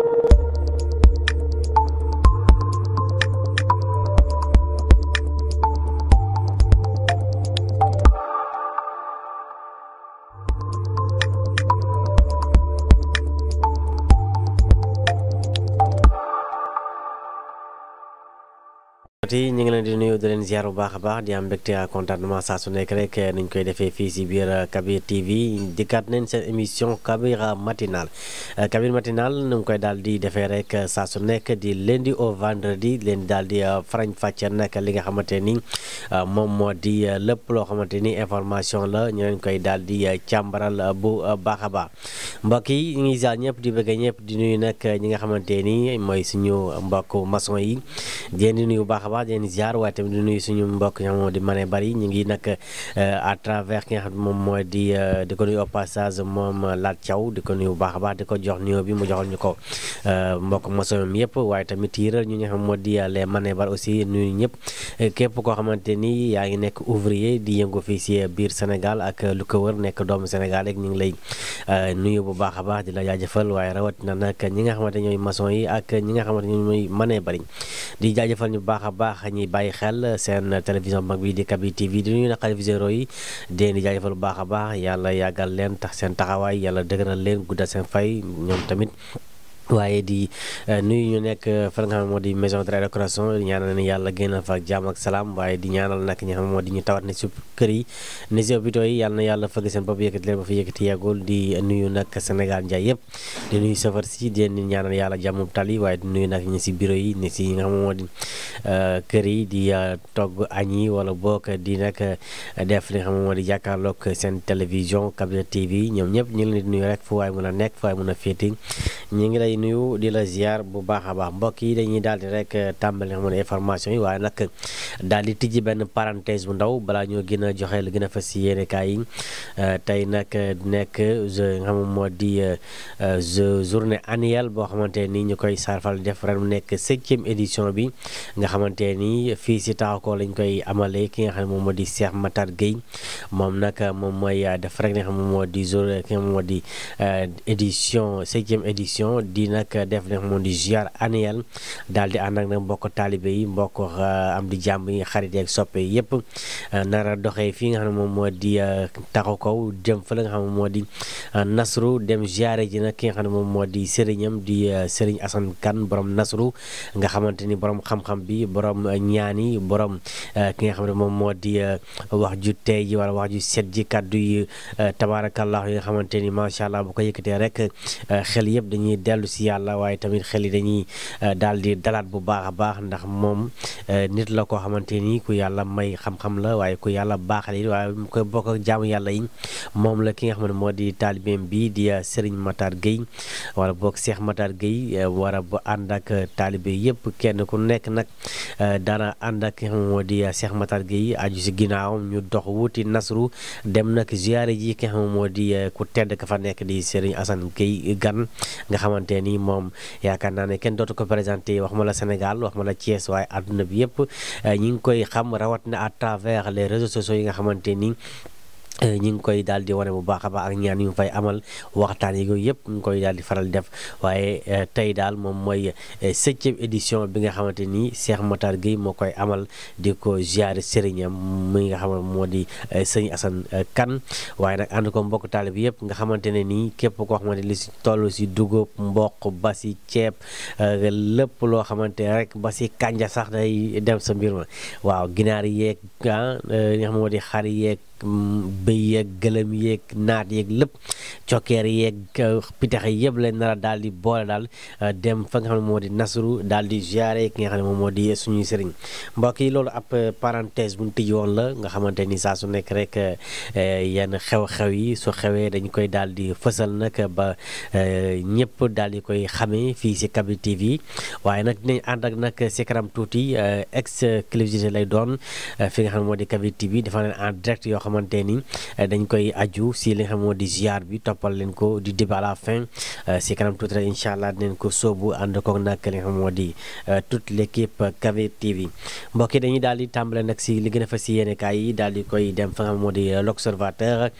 you internet yi ñu ngi leen di nuyu di leen ziar bu baax a baax di am mbégte ak contentement saa su nekk rek eh, niñ koy defee fii si biir eh, Kabir TV dikkaat nañ seen émission Kabir matinal eh, Kabir matinal nu ngi koy daal di defee rek saa su nekk di lundi au vendredi leen daal di farañ fàcce nag li nga xamante ni moom moo di lépp loo xamante ni information la ñu leen koy daal di càmbaral bu baax a baax mbokk yi ñu ngi ziar ñëpp di bëgg ñëpp di nuyu nag ñi nga xamante ni mooy suñu mbokk mason yi di leen di baax a baax baax di leen ziar waaye tamit di nuyu suñu mbokk yi moom di Mané Bari ñu ngi nag euh, à travers ki xam moom mooy di euh, di ko nuyu au passage moom Lat Thiaw di ko nuyu bu baax a baax di ko jox nuyoo bi mu joxal ñu ko euh, mbokk mosoom yëpp waaye tamit yëral ñu nga xam moo di les Mané Bari aussi nuyu ñëpp képp koo xamante ni yaa ngi nekk ouvrier di yëngu fii si biir Sénégal ak lu ko wër nekk doomu Sénégal rek ñu ngi lay nuyu bu baax a baax di la jaajëfal waaye rawatina nag ñi nga xamante ñooy maçon yi ak ñi nga xamante ñooy Mané Bari di jaajëfal ñu baax a baax baax ñi bàyyi xel seen télévision mag bi di Kabir TV di nuyu naqari visero yi deen di jaajëfal bu baax a baax yàlla yàggal leen tax seen taxawaay yàlla dëgëral leen guddal seen fay ñoom tamit waaye di eh, nuyu ñu nekk eh, fa nga xam moo di maison de rééducation ñaanal ni yàlla génnal fa ak jàmm ak salaam waaye di ñaanal nag ñi xam moo di ñu tawat ne si kër yi ne si hôpitaux yi yàlla na yàlla fëgg seen bopp yëkkati leen ba fi yëkkati yeggul di nuyu nag Sénégal njaay yëpp di nuyu safar si di yàlla jàmm tali waaye di nuyu nag ñi si bureau yi ni si nga xam moo di eh, kër yi di togg añ yi wala bokk di nag def li nga xam di jàkkaarlook seen télévision Kabir TV ñoom ñëpp ñu ngi leen di nuyu rek fu waaye mën a nekk fu waaye mën a féeti lay di la ziar bu baax a baax mbokk yi dañuy daal di rek euh, tàmbali amoon information yi waaye nag daal di tijji benn parenthèse bu ndaw balaa ñoo gën a joxe lu gën a fas si yéene kaay yi euh, tey nag nekk je nga xam moo di euh, journée annuelle boo xamante nii ñu koy sarfal def ren mu nekk septième édition bi nga xamante ni fii si Taxaco lañ koy amalee ki nga xam ne moom moo di Cheikh Matar Gueye moom nag moom mooy def rek nga xam moo di journée ki nga xam moo di édition septième di. di nag def daal di ànd ak nag mbokk taalibe yi mbokk euh, am di jàmm yi xarit yeeg soppe yëpp euh, nar a fii nga xam ne moom moo di euh, taxu kaw jëm fa la nga xam ne moo di nasru dem ziare ji nag ki nga xam ne moom moo di sëriñam di sëriñ Assane Kane borom nasru nga xamante ni borom xam bi borom ñaan yi borom ki nga xam ne moom moo di wax ju tey ji wala wax ju set ji kàddu yi tabaarakallah yi nga xamante allah bu ko yëkkatee rek xel yëpp dañuy dellu si yàlla waaye tamit xel yi dañuy euh, daal di dalaat bu baax a baax ndax moom euh, nit la koo xamante ni ku yàlla may xam-xam la waaye ku yàlla baaxal it waaye mu koy yàlla yi moom la ki nga xam ne moo di taalibeem bi di euh, Serigne Matar Gueye wala boog seex Matar Gueye war a ba ànd ak taalibe yëpp kenn ku nekk nag dana ànd ak ki nga xam moo di Cheikh Matar Gueye aju si ginnaawam ñu dox wuti nasru dem nag ziyaare ji ki xam moo di ku tedd ka fa nekk di Serigne Assane Gueye gan nga xamante nii moom yaakaar naa ne kenn dootu ko présenté wax ma la Sénégal wax ma la Thiès waaye àdduna bi yëpp eh, ñi ngi koy xam rawat na à travers les réseaux sociaux yi nga xamante ni Eh, ñu ngi koy daal di wane bu baax a baax ak ñaan yu fay amal waxtaan yi ko yëpp ñu ngi koy daal di faral def waaye eh, tey daal moom mooy eh, septième édition bi nga xamante ni Cheikh Matar gi moo koy amal di ko ziare sëriñam mi nga xam ne moo di sëñ Assane Kane waaye nag ànd ko mbokk taalib yëpp nga xamante ne nii képp koo xamante li si toll si dugub mboq ba si ceeb lépp loo xamante rek ba si kànja sax day dem sa mbir ma waaw ginaar yeeg ah li nga xam moo Mm, bëy yeeg gëlëm yeeg naat yeeg lépp cokkeer yeeg euh, pitax yëpp lañ nar a daal di boole daal euh, dem fa nga xam ne moo di nasru daal di ziare ki nga xam ne moom moo di suñuy sëriñ mbokk yi loolu ab euh, parenthèse bu ñu la nga xamante ni saa su nekk rek yenn xew-xew yi su xewee dañu koy daal di fësal nag ba ñëpp daal di koy xamee fii si Kabir TV waaye nag dinañ ànd ak nag si kanam tuuti exclusivité lay doon fi nga xam ne moo di Kabir TV dafa leen en direct yoo xam xamante ni eh, dañ koy aju si li nga moo di ziar bi toppal leen ko di début à la eh, si kanam tuuti rek incha allah dinañ ko sóobu ànd koog nag li nga moo di eh, toute l' équipe Kavir TV mbokk yi dañuy daal di tàmbale nag si li gën a si yéene yi daal di koy dem fa nga xam di l'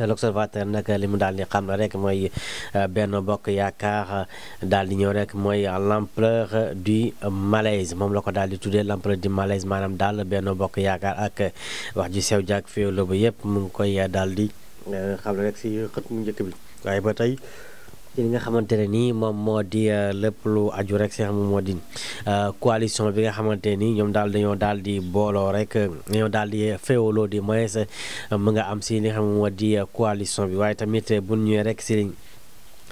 l'observateur nag li mu daal di xam na rek mooy euh, benn bokk yaakaar euh, daal di ñëw rek mooy l'ampleur du malaise moom la ko daal di tuddee l'ampleur di malaise maanaam daal benn bokk yaakaar ak wax ji sew jaag féewlo ba yëpp mu ngi koy daal di euh, xam ne rek si xët mu njëkk bi waaye ba tey li nga xamante ne nii moom moo di euh, lépp lu aju rek si xam moo di euh, coalition bi nga xamante ni ñoom daal dañoo daal di booloo rek dañoo daal di féewaloo di moyes mu nga am si li nga xam moo di euh, coalition bi waaye tamit bu ñëwee rek si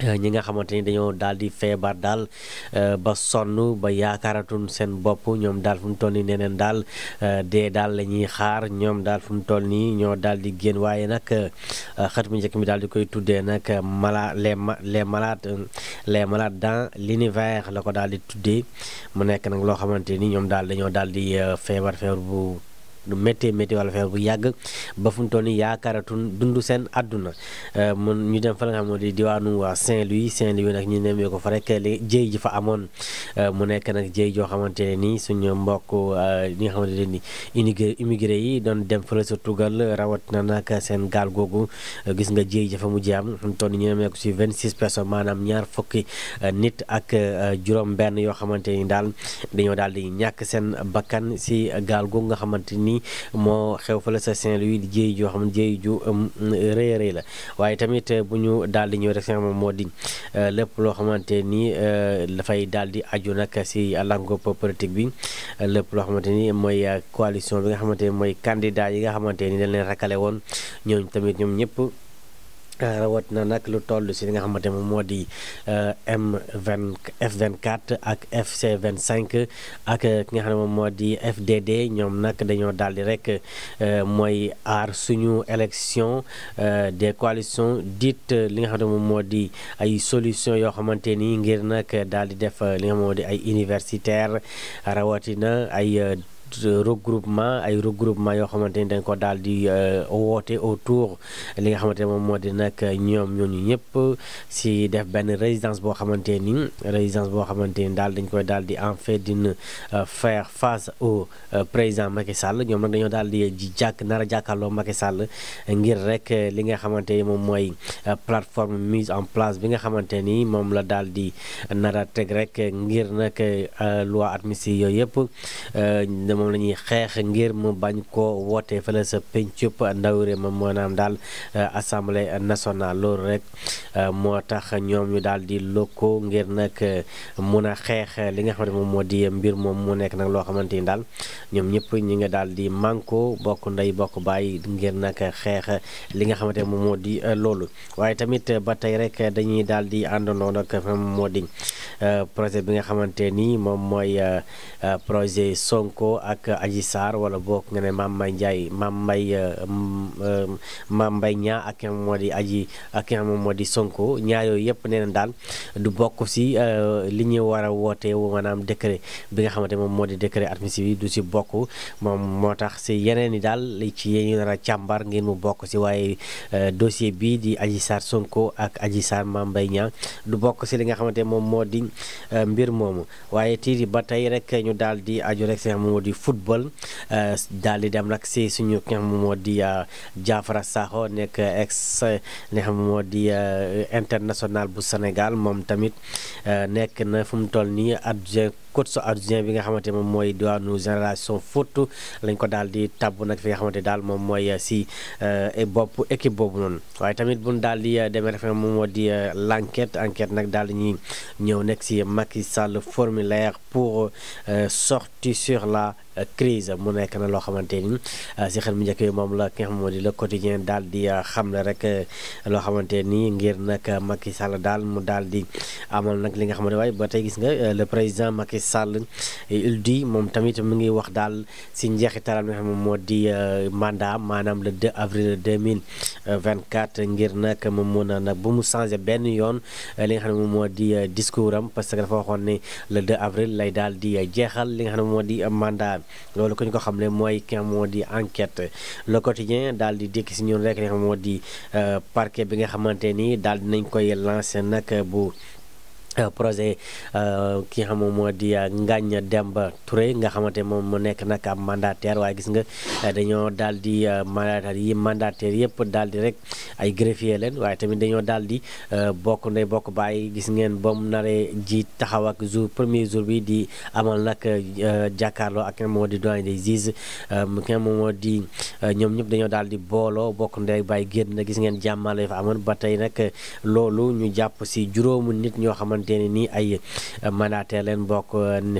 ñi nga xamante ni dañoo daal di feebar daal euh, ba sonn ba yaakaaratul seen bopp ñoom daal fu mu toll nii neneen daal euh, dee daal la ñuy xaar ñoom daal fu mu toll nii ñoo daal di génn waaye nag euh, xët mu njëkk mi daal di koy tuddee nag mala les les malades les malades dans l'univers la ko daal di tuddee mu nekk nag loo xamante ni ñoom daal dañoo daal di feebar feebar bu nu méttee métti wala bu yàgg ba fu mu yaakaaratu dundu seen àdduna euh, mun ñu dem fa la nga moo di diwaanu waa Saint-Louis saint nag ñu nemmee ko fa li jéy ji amoon euh, mu nekk nag jéy joo xamante ne nii suñu mbokk euh, ñi nga xamante ne nii immigré immigré yi doon dem fële sa tugal rawat na nag seen gaal googu gis nga jéy jafa mu jaam fu mu toll nii ñu nemmee ko si 26 personnes maanaam ñaar fukki nit ak juróom benn yoo xamante ni daal dañoo daal di ñàkk seen bakkan si gaal googu nga xamante ni ni moo xew fële sa Saint-Louis di jéey joo xam ne jéey ju um, rëy rëy la waaye tamit uh, bu ñu daal di ñëw rek moom moo di uh, lépp loo xamante ni uh, dafay daal di aju nag si làngub politique bi lépp loo xamante ni mooy coalition bi nga xamante ni mooy candidat yi nga xamante ni dañ leen rakale woon ñooñu tamit ñoom ñëpp rawat na nag lu toll si li nga xamante moom moo di euh, M20 f ak FC25 ak ki nga xam ne moom moo di FDD ñoom nag dañoo daal di rek euh, mooy aar suñu élection euh, des coalitions dit li nga xam ne moom moo di ay solution yoo xamante ni ngir nag daal di def li nga xam moo di ay universitaire rawatina ay Euh, regroupement ay regroupement yoo xamante ni dañ ko daal di euh, woote autour li nga xamante ne moom moo di nag ñoom ñooñu ñëpp si def benn résidence boo xamante ni résidence boo xamante ni daal dañ koy daal di en fait dina euh, faire face au président Macky Sall ñoom nag dañoo daal di ji jàkk nar a jàkkaarloo Macky Sall ngir rek li nga xamante ni moom mooy plateforme mise en place bi nga xamante ni moom la daal di nar teg rek ngir nag loi amnistie yooyu yëpp moom la ñuy xeex ngir mu bañ koo wootee fële sa pencub ndaw réew ma maanaam daal euh, assemblée nationale loolu rek euh, moo tax ñoom ñu daal di loko ngir nag euh, mun a xeex li nga xam ne moom moo di mbir moom mu nekk nag loo xamante ni daal ñoom ñëpp ñi nga daal di manko bokk ndey bokk bàyyi ngir nag xeex li nga xamante ne moom moo di loolu waaye tamit ba tey rek dañuy daal di àndandoo nag moo di projet bi nga xamante ni moom mooy projet Sonko. ak Adji Sarr wala boog nga ne Mame Mbaye Ndiaye Mame Mbaye euh, euh, Mame Mbaye Niang ak nga moo di Adji ak nga moo di Sonko ñaar yooyu yëpp nee na daal du bokk si euh, li ñu war a woote maanaam décret bi nga xamante moom moo di décret admissible bi du si bokk moom moo tax si yeneen yi daal ci yéen ñu a càmbar ngeen mu bokk si waaye dossier bi di Adji Sarr Sonko ak Adji Sarr Mame Mbaye Niang du bokk si li nga xamante moom moo di mbir moomu waaye tiiri ba tey rek ñu daal di aju rek si nga moo di football euh, dal di dem nag si suñu ki nga xam moo di Diafra euh, nekk ex li nga xam euh, international bu Sénégal moom tamit nekk na fu mu toll nii adjoint coach adjoint bi nga xamante moom mooy diwaanu génération foot lañ ko daal di tabb nag fi nga xamante daal moom mooy si e bopp équipe boobu noonu waaye tamit bu ñu daal di demee rek moom moo di l'enquête enquête nag daal di ñuy ñëw nekk si Macky Sall formulaire pour sortir sur la crise mu nekk na loo xamante ni ah, si xel mu njëkk yi moom la ki nga moo di le quotidien daal di ah, xam ne rek eh, loo xamante ni ngir nag Macky Sall daal mu daal di amal nag li nga xam ne waaye ba tey gis nga eh, le président Macky Sall eh, il moom tamit mu ngi wax daal si njeexitalam nga moo di mandat maanaam le 2 avril 2024 ngir nag mu mun a nag bu mu changé benn yoon li nga xam di discours am parce que dafa waxoon ne le 2 lay daal di jeexal li nga xam ne moo di mandat loolu ku ñu ko ne mooy ki moo di enquête le quotidien daal di dikk si ñu nekk li moo di euh, parquet bi nga xamante ni daal dinañ koy lancer nag bu. Euh, projet euh, ki nga xam moom moo di euh, Ngagne Demba Touré nga xamante moom mu nekk nag am mandataire waaye gis nga dañoo daal di mandataire yi mandataire yëpp daal di rek ay greffier leen waaye tamit dañoo daal di bokk ndey bokk bàyyi gis ngeen ba mu naree ji taxaw ak jour premier jour bi di amal nag jàkkaarloo ak moom moo di doyen des juges mu kenn moom moo di ñoom ñëpp dañoo daal di booloo bokk ndey bàyyi génn gis ngeen jàmmale fa amoon ba tey nag loolu ñu jàpp si juróomu nit ñoo xamante xamante ne nii ay mandataire leen bokk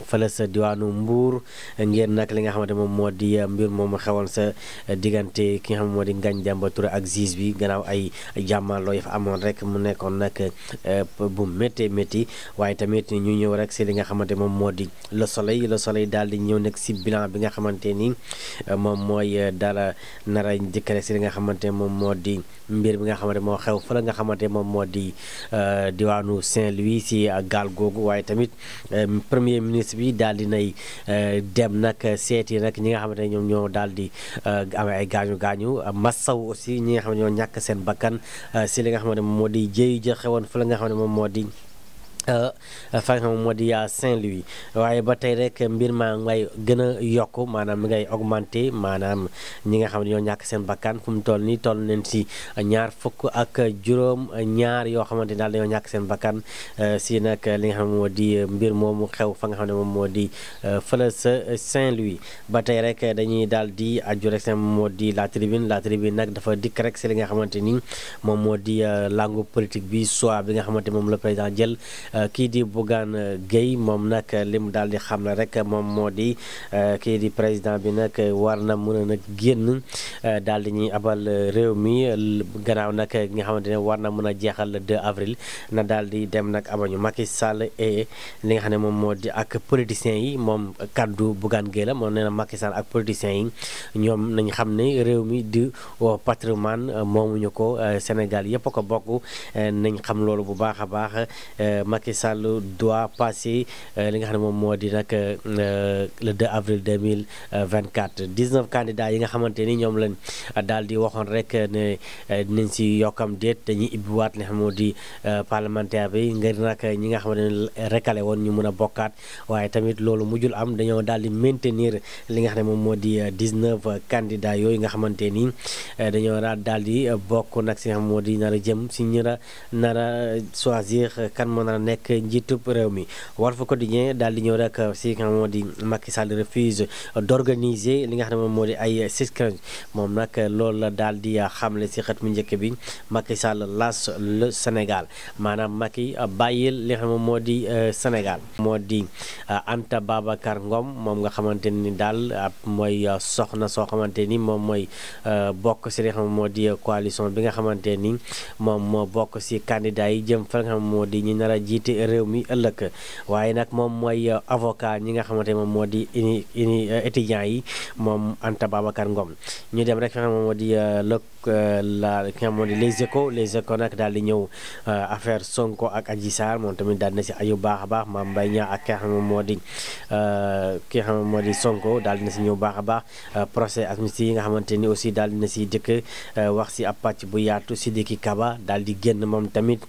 fële sa diwaanu mbuur ngeen nag li nga xamante moom moo di mbir moom xewoon sa diggante ki moo di Ngagne Demba Touré ak juge bi gannaaw ay jàmmaloo yi fa amoon rek mu nekkoon nag eh, bu méttee métti waaye tamit ñu ñëw rek si li nga xamante moom moo di Le Soleil Le Soleil daal di ñëw nag si bilan bi nga xamante ni eh, moom mooy dara nara njëkk rek si li nga xamante moom moo di mbir bi nga xamante moo xew fële nga xamante moom moo di eh, diwaanu Saint-Louis ci gaal googu waaye tamit euh, premier ministre bi daal di nay euh, dem nag seeti nag ñi nga xamante ne ñoom ñoo daal di euh, amee ay gaañu gaañu massaw aussi ñi nga xam ne ñoo ñàkk seen bakkan si li nga xam ne moom moo di jéeyu ja xewoon fa la nga xam ne moom moo di fa nga xam di euh, Saint-Louis waaye ba tey rek mbir maa ngay gën a yokk maanaam mi ngay augmenté maanaam ñi nga xam ne ñoo ñàkk seen bakkan fu mu nii toll nañ si ñaar fukk ak juróom ñaar yoo xamante daal dañoo ñàkk seen bakkan euh, si nag li nga xam moo di euh, mbir moomu xew fa nga xam ne moom moo di fële sa Saint-Louis ba tey rek dañuy daal di aju rek seen moo di la tribune la tribune nag dafa dikk rek li nga xamante ni moom moo di langue politique bi soit bi nga xamante moom la paysan jël Euh, kii di Bougane euh, Gueye moom nag euh, li mu daal di xam ne rek moom moo di kii di président bi nag war na mën a nag génn daal di ñuy abal réew mi gannaaw nag gi nga xamante ne war na mën a jeexal le 2 avril na daal di dem nag abañu Macky Sall et li nga xam ne moom moo di ak politiciens yi moom kaddu Bougane Gueye la moom nee na Macky Sall ak politiciens yi ñoom nañ xam ne réew mi di patrimoine moomuñu ko Sénégal yëpp ko bokk nañ xam loolu bu baax a baax Macky Sall doit passer euh, li nga xam ne moom moo di nag euh, le 2 avril 2024 19 candidats yi nga xamante ni ñoom lañ daal di waxoon rek ne euh, dinañ si yokkam déet dañuy ibbiwaat li nga xam moo di parlementaire bi ngir nag ñi nga xamante ne recalé woon ñu mën a bokkaat waaye tamit loolu mujjul am dañoo daal di maintenir li nga xam ne moom moo di 19 candidats yooyu nga xamante ni dañoo daal di bokk nag si nga xam moo di nar a jëm si ñu nar choisir kan moo nar a nekk njiitub réew mi Walf Quotidien daal di ñëw rek di Macky Sall refuse li nga xam ne moom moo di ay scrutin moom nag loolu la daal di xamle si xët mu njëkk bi Macky Sall las le Sénégal maanaam Macky bàyyil li nga xam ne moo di euh, Sénégal moo di euh, Anta moom nga xamante ni daal mooy euh, soxna soo xamante ni moom mooy bokk si li moo nga xamante bokk si candidat yi jëm fa nga xam moo ñu nar jiit jiite réew mi ëllëg waaye nag moom mooy euh, avocat ñi nga xamante moom moo di ini ini euh, étudiants yi moom Anta Babacar Ngom ñu dem rek fexe moom moo di euh, lëkk Euh, la ki nga xam ne les échos nag daal di ñëw euh, affaire Sonko ak Adji Sarr moom tamit daal na si ayu baax a baax Mame Mbaye Niang ak ki nga moo di euh, ki nga xam moo di Sonko daal dina si ñëw baax a baax procès amnistie yi nga xamante ni aussi daal dina si jëkk wax si ab pàcc bu yaatu Sidiki Kaba daal di génn moom tamit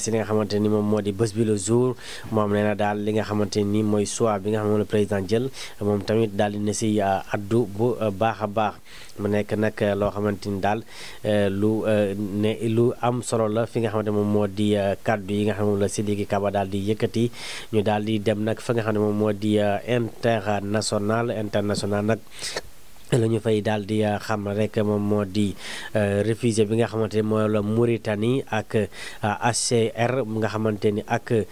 si nga xamante ni moom moo di bës bi le jour moom nee daal li nga xamante ni mooy choix bi nga xam ne moom la président jël moom tamit daal dina si addu bu baax a baax mu nekk nag eh, loo xamante ni daal eh, lu eh, ne lu am solo la fi nga xamante moom moo di kàddu yi nga xam moom la Sidiki Kaba daal di yëkkati ñu daal di dem nag fa nga xam ne moom moo di international international nag la ñu fay daal di euh, xam rek moom moo di euh, réfugié bi nga xamante ni mooy la Mauritanie ak HCR euh, nga xamante ni ak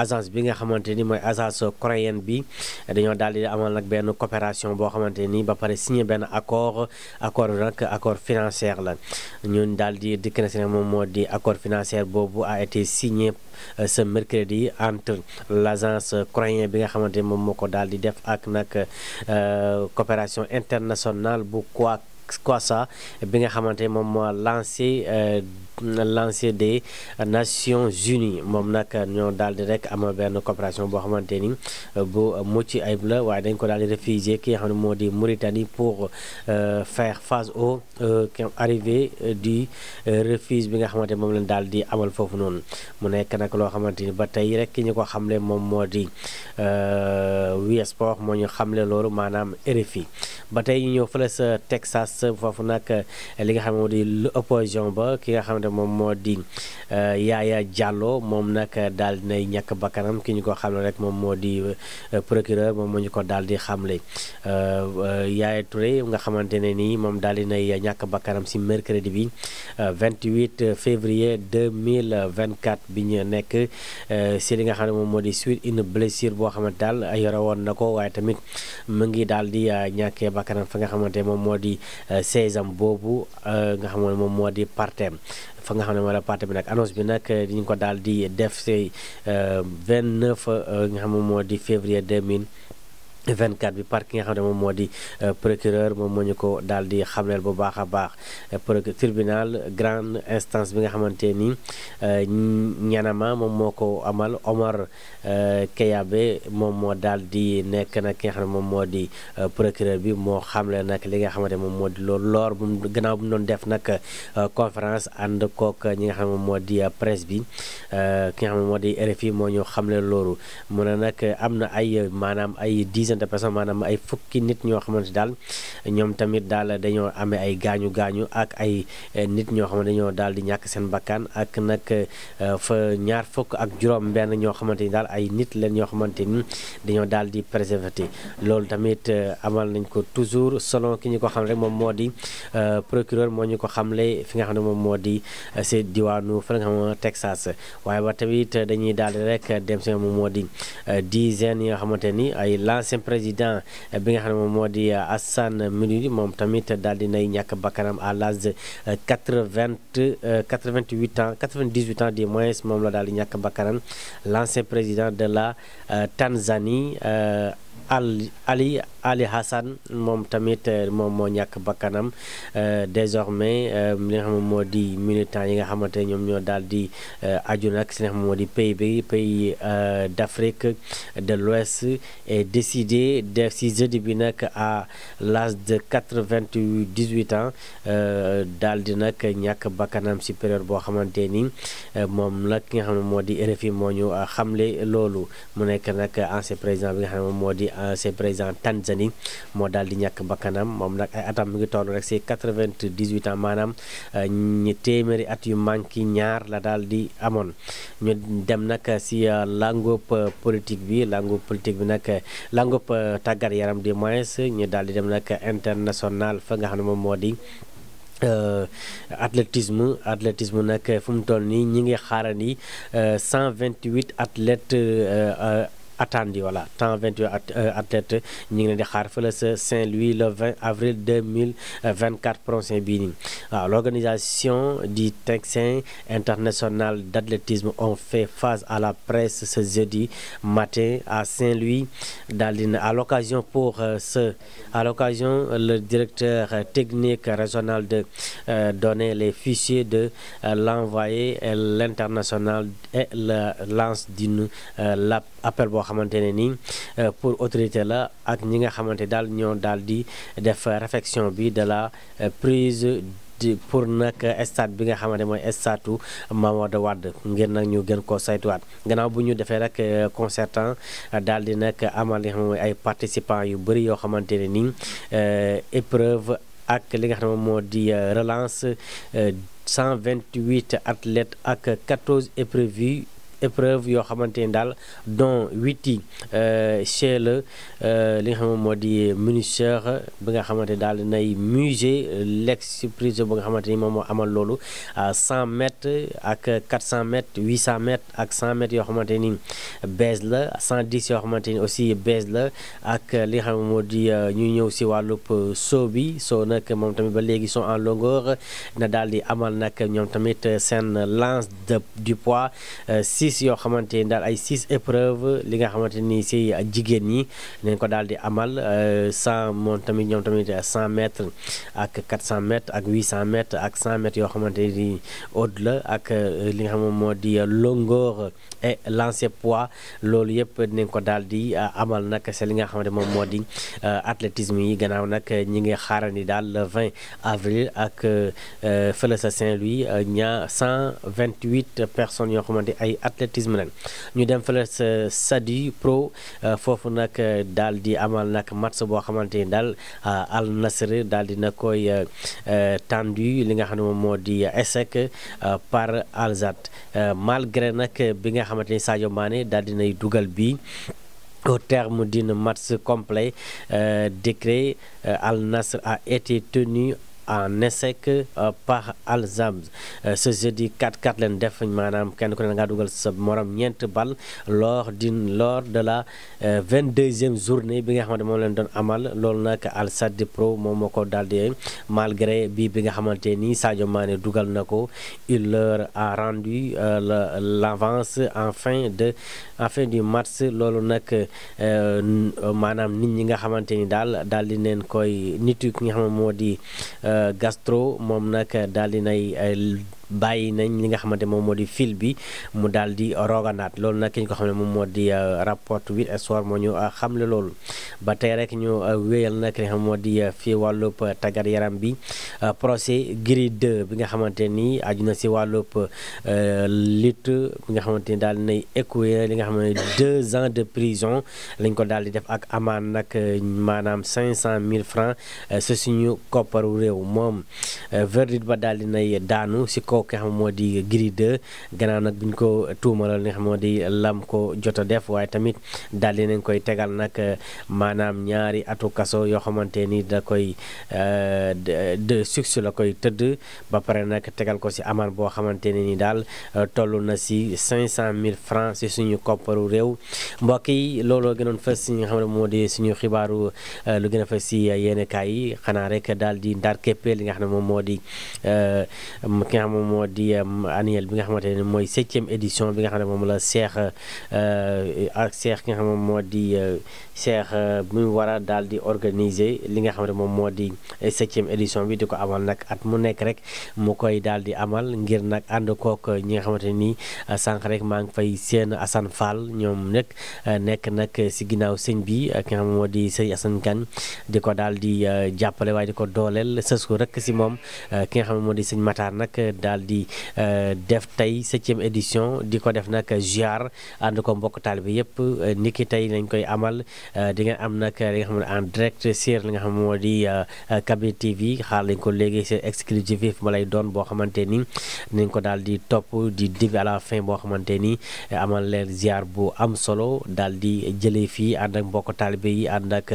agence bi nga xamante ni mooy agence coréenne bi dañoo daal di amal nag benn coopération boo xamante ni ba pare signé benn accord accord nag accord financier la ñun daal di dikk na si ne moom moo di accord financière boobu a été signé Euh, ce mercredi entre l'agence croyen bi nga xamante ni moom moo ko daal di def ak nag euh, coopération internationale bu quoi quoi ça bi nga xamante moom moo lancé euh, lancé des Nations Unies moom nag ñoo daal di rek am benn coopération boo xamante ni euh, bu mucc ayib la waaye dañ ko daal di réfugié ki nga xam ne moo di Mauritanie pour euh, faire face au euh, arrivée du refuge bi nga xamante moom lañ daal di amal foofu noonu mu nekk nag loo xamante ni ba tey rek ki ñu ko xamle moom moo di Wii Sport moo ñu xamle loolu maanaam RFI ba ñu ñëw fële sa Texas foofu nag li nga xam ne moo di l'opposition ba ki nga xam xamante moom moo di euh, yaaya Diallo moom nag daal dinay ñàkk bakkanam ki ñu ko xamle rek moom moo di euh, procureur moom moo ñu ko daal di xamle euh, Yaya Touré nga xamante ne nii moom daal dinay ñàkk bàkkanam si mercredi bi 28 février 2024 bi ñu nekk si li nga xam ne moom moo di suite une blessure boo xamante daal yore woon na ko waaye tamit mu ngi daal di ñàkkee bakkanam fa nga xamante moom moo di saison boobu nga xamoon moom moo di partem fa nga xam ne mooy la parti bi nag annonce bi nag di ko daal di def si 29 euh, euh, nga xam ne moo di février 2000. 24 bi par ki nga xam ne moom moo di euh, procureur moom moo ñu ko daal di xamleel bu baax a baax euh, tribunal grande instance bi nga xamante ni euh, ñanama moom moo ko amal Omar Keyabe moom moo daal di nekk nag ki moom moo di procureur bi moo xamle nag li nga xamante moom moo di loolu loor bu mu gannaaw bu mu doon def nag conférence ànd kook ñi nga xam moom moo di presse bi ki nga xam moo di RFI moo ñu xamle loolu mu ne nag am na ay maanaam ay dizaine de personnes maanaam ay fukki nit ñoo xamante daal ñoom tamit daal dañoo amee ay gaañu gaañu ak ay eh, nit ñoo xamante dañoo daal di ñàkk seen bakkan ak nag eh, fa ñaar fukk ak juróom benn ñoo xamante ni daal ay nit leen ñoo xamante ni dañoo dal di préserver loolu tamit eh, amal nañ ko toujours selon ki ñu ko xam rek moom moo di procureur moo ñu ko xamle fi nga xam ne moom moo di si diwaanu fa nga xam xamante ni ay l'ancien président eh, bi nga xam ne moom moo di eh, Assane Minuni moom tamit dal di nay ñàkk bakkanam à l'âge de 80 88 ans 98 ans du moins moom la daal di ñàkk bakkanam l'ancien président de la eh, Tanzanie Ali Ali Hassan moom tamit euh, moom moo ñàkk bakkanam euh, désormais euh, li nga xam moo di militant yi nga xamante ne ñoom ñoo daal di aju nag si nga xam moo di pays bi pays d'Afrique de l'Ouest est décidé de si jeudi bi nag à l'âge de 98 ans daal di nag ñàkk bakkanam si période boo xamante ni moom nag ki nga xam ne moo di RFI moo ñu xamle loolu mu nekk nag ancien président bi nga xam ne moom moo di ancien président Tanzanie xamante ni moo daal di ñàkk bakkanam moom nag ay atam mi ngi toll rek si 98 ans maanaam ñi téeméeri at yu manqué ñaar la daal di amoon ñu dem nag si euh, langop euh, politique bi langop politique bi nag euh, langop tàggat yaram des moyens ñu daal di dem nag international fa nga xam ne moom moo di athlétisme athlétisme nag fu mu toll nii ñi ngi xaarandi 128 athlètes attendu voilà temps 28 le ñu ngi leen di xaar fële sa Saint-Louis le 20 avril 2024 prochain bii nii waaw l'organisation du Texan international d'athlétisme ont fait face à la presse ce jeudi matin à Saint-Louis daal dina à l'occasion pour euh, ce à l'occasion le directeur technique régional de euh, donner les fichiers de euh, l'envoyé l'international et le lance d'une appel boo xamante ne nii euh, pour autorité la ak ñi nga xamante daal ñoo daal di def réflexion bi de la euh, prise pour nag stade bi nga xamante mooy stade Mamadou Wade ngir nag ñu gën koo saytuwaat gannaaw bu ñu defee rek euh, concertant daal di nag amal li xam mooy ay participants yu bëri yoo xamante ne nii épreuve ak li nga xam moo di relance 128 athlètes ak 14 épreuves épreuve yoo xamante ni daal dont huit yi euh, chez le euh, li nga xam ne moo di ministère bi nga xamante daal nay musée l'ex-prise bi nga xamante ni moom moo amal loolu cent mètres ak quatre cent mètres huit mètres ak cent mètres yoo xamante ni bees la cent dix yoo xamante ni aussi bees la ak li nga xam ne moo di euh, ñu ñëw si wàllub soo bi soo nag moom tamit ba léegi soo en longueur na daal di amal nag ñoom tamit seen lance du poids six yoo xamante ni daal ay six épreuves li nga xamante ni si jigéen ñi nañ ko daal di amal euh, cent moom tamit ñoom tamit cent mètres ak quatre cent mètres ak huit cent mètres ak cent mètres yoo xamante ni haute la ak euh, li nga moom moo di longueur et lancer poids loolu yëpp nañ ko daal di euh, amal nag c'est li nga xamante moom moo di athlétisme yi gannaaw nag ñi ngi xaarandi daal le 20 avril ak fële sa Saint-Louis ñaa 128 personnes yoo xamante ay athlètes athlétisme ñu dem fële sa Sadi Pro euh, foofu nag euh, daal di amal nag match boo xamante ni daal euh, Al Nasr daal di na koy tendu li nga xam ne moom moo di échec par Al Sadd malgré nag bi nga xamante ni Sadio Mané daal di nay dugal bi Au terme d'une match complet, euh, Al Nasr a été tenu en échec euh, par Al-Zamz euh, ce jeudi 4-4 leen def maanaam kenn ku ne nga dugal sa moroom ñeent bal lors d'une lors de la 22e euh, journée bi nga xamante moom leen doon amal loolu nag Al Sadd Pro moom moo ko daal di malgré bii bi nga xamante nii Sadio Mané dugal na ko il leur a rendu l'avance en fin de en fin du match loolu nag maanaam nit ñi nga xamante ni daal daal di neen koy nit ki nga xam moo di. gastro moom nag daal di nay bàyyi nañ li nga xamante moom moo di fil bi mu daal di roganaat loolu nag ki ñu ko xam ne moom moo di euh, rapport huit espoir moo ñu euh, xamle loolu ba tey rek ñu euh, wéyal nag li nga xam moo di fii wàllub tàggat yaram bi procès Gris 2 bi nga xamante ni aju na si wàllub lutte bi nga xamante ni daal nay écoué li nga xam ne deux ans de prison lañ ko daal di def ak amaan nag maanaam cinq cent mille francs si suñu kopparu réew moom verdict ba daal di nay daanu si kaw kaw ki nga xam moo di Gris 2 gannaaw nag bi ñu ko tuumalal li nga xam moo di lam ko jot a def waaye tamit daal di nañ koy tegal nag maanaam ñaari atu kaso yoo xamante ni da koy euh, de succès la koy tëdd ba pare nag tegal ko si amaan boo xamante ne nii daal euh, tollu na si 500000 francs si suñu kopparu réew mbokk yi looloo gënoon fës si nga xam moo di suñu xibaaru euh, lu gën a fës si yéenekaay yi xanaa rek daal di ndaar képpee li nga xam ne moom moo di ki nga xam moo di um, annuel bi nga xamante ne mooy septième édition bi nga xam ne moom la seex euh, ak seex ki nga xam ne moo di euh, Cheikh euh, muy war a daal di organiser li nga xam ne moom moo di euh, septième édition bi di ko amal nag at mu nekk rek mu koy daal di amal ngir nag ànd kook euh, ñi nga xamante ni sànq rek maa ngi fay seen Assane Fall ñoom nag nekk nag si ginnaaw sëñ bi ak nga di sëñ Assane Kane di ko daal di jàppale waaye ko dooleel sës ko rek si moom ki nga xam moo di sëñ Matar nag daal di def tey septième édition di ko def nag ziar ànd ko mbokk taalibe yëpp niki tey lañ koy amal Euh, di ngeen am nag li nga xam en direct sur li nga xam moo di euh, euh, Kabir TV xaar lañ ko léegi c'est exclusif ma lay doon boo xamante ni nañ ko daal di topp di début à la boo xamante ni amal leen ziar bu am solo daal di jëlee fii ànd ak mbokk taalibe yi ànd ak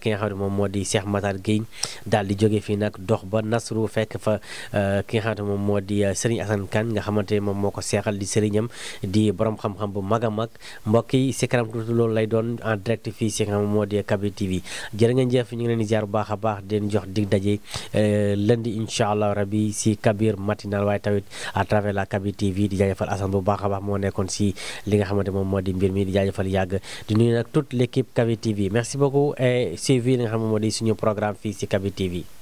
ki moom moo di Cheikh Matar Gueye daal di jóge fii nag dox ba Nasru fekk fa ki moom moo di Serigne Assane Kane nga xamante ni moom moo ko seexal di sëriñam di borom xam-xam bu mag a mag mbokk yi si kanam tuuti loolu lay doon en direct fii fii si nga xam moo di Kabir TV jërë ngeen jëf ñu ngi leen di ziar bu baax a baax den jox dig daje euh, lundi incha allah rabi si Kabir matinal waaye tamit à travers la Kabir TV di jaajëfal Assane bu baax a baax moo nekkoon si li nga xamante moom moo di mbir mi di jaajëfal yàgg di nuyu nag toute l' équipe Kabir TV merci beaucoup et suivi li nga xam moo di suñu programme fii si Kabir TV.